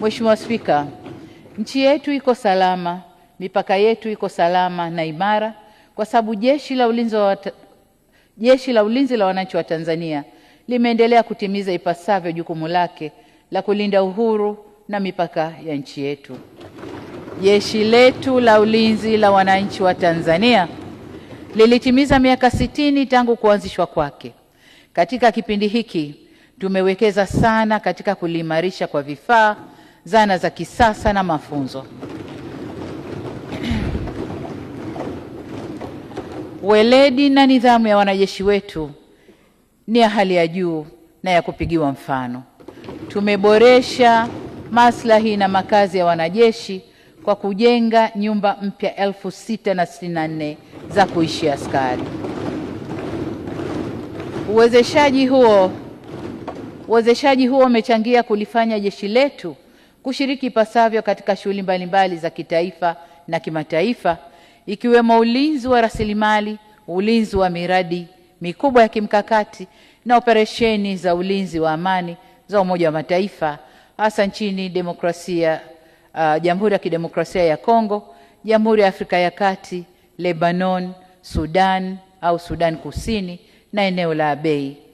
Mheshimiwa Spika, nchi yetu iko salama, mipaka yetu iko salama na imara kwa sababu Jeshi la Ulinzi wa Jeshi la Ulinzi la Wananchi wa Tanzania limeendelea kutimiza ipasavyo jukumu lake la kulinda uhuru na mipaka ya nchi yetu. Jeshi letu la Ulinzi la Wananchi wa Tanzania lilitimiza miaka sitini tangu kuanzishwa kwake. Katika kipindi hiki tumewekeza sana katika kuliimarisha kwa vifaa zana za kisasa na mafunzo. Weledi na nidhamu ya wanajeshi wetu ni ya hali ya juu na ya kupigiwa mfano. Tumeboresha maslahi na makazi ya wanajeshi kwa kujenga nyumba mpya elfu sita na sitini na nne za kuishi askari. Uwezeshaji huo uwezeshaji huo umechangia kulifanya jeshi letu kushiriki ipasavyo katika shughuli mbalimbali za kitaifa na kimataifa ikiwemo ulinzi wa rasilimali, ulinzi wa miradi mikubwa ya kimkakati na operesheni za ulinzi wa amani za Umoja wa Mataifa hasa nchini demokrasia uh, Jamhuri ya Kidemokrasia ya Kongo, Jamhuri ya Afrika ya Kati, Lebanon, Sudan au Sudan Kusini na eneo la Abei.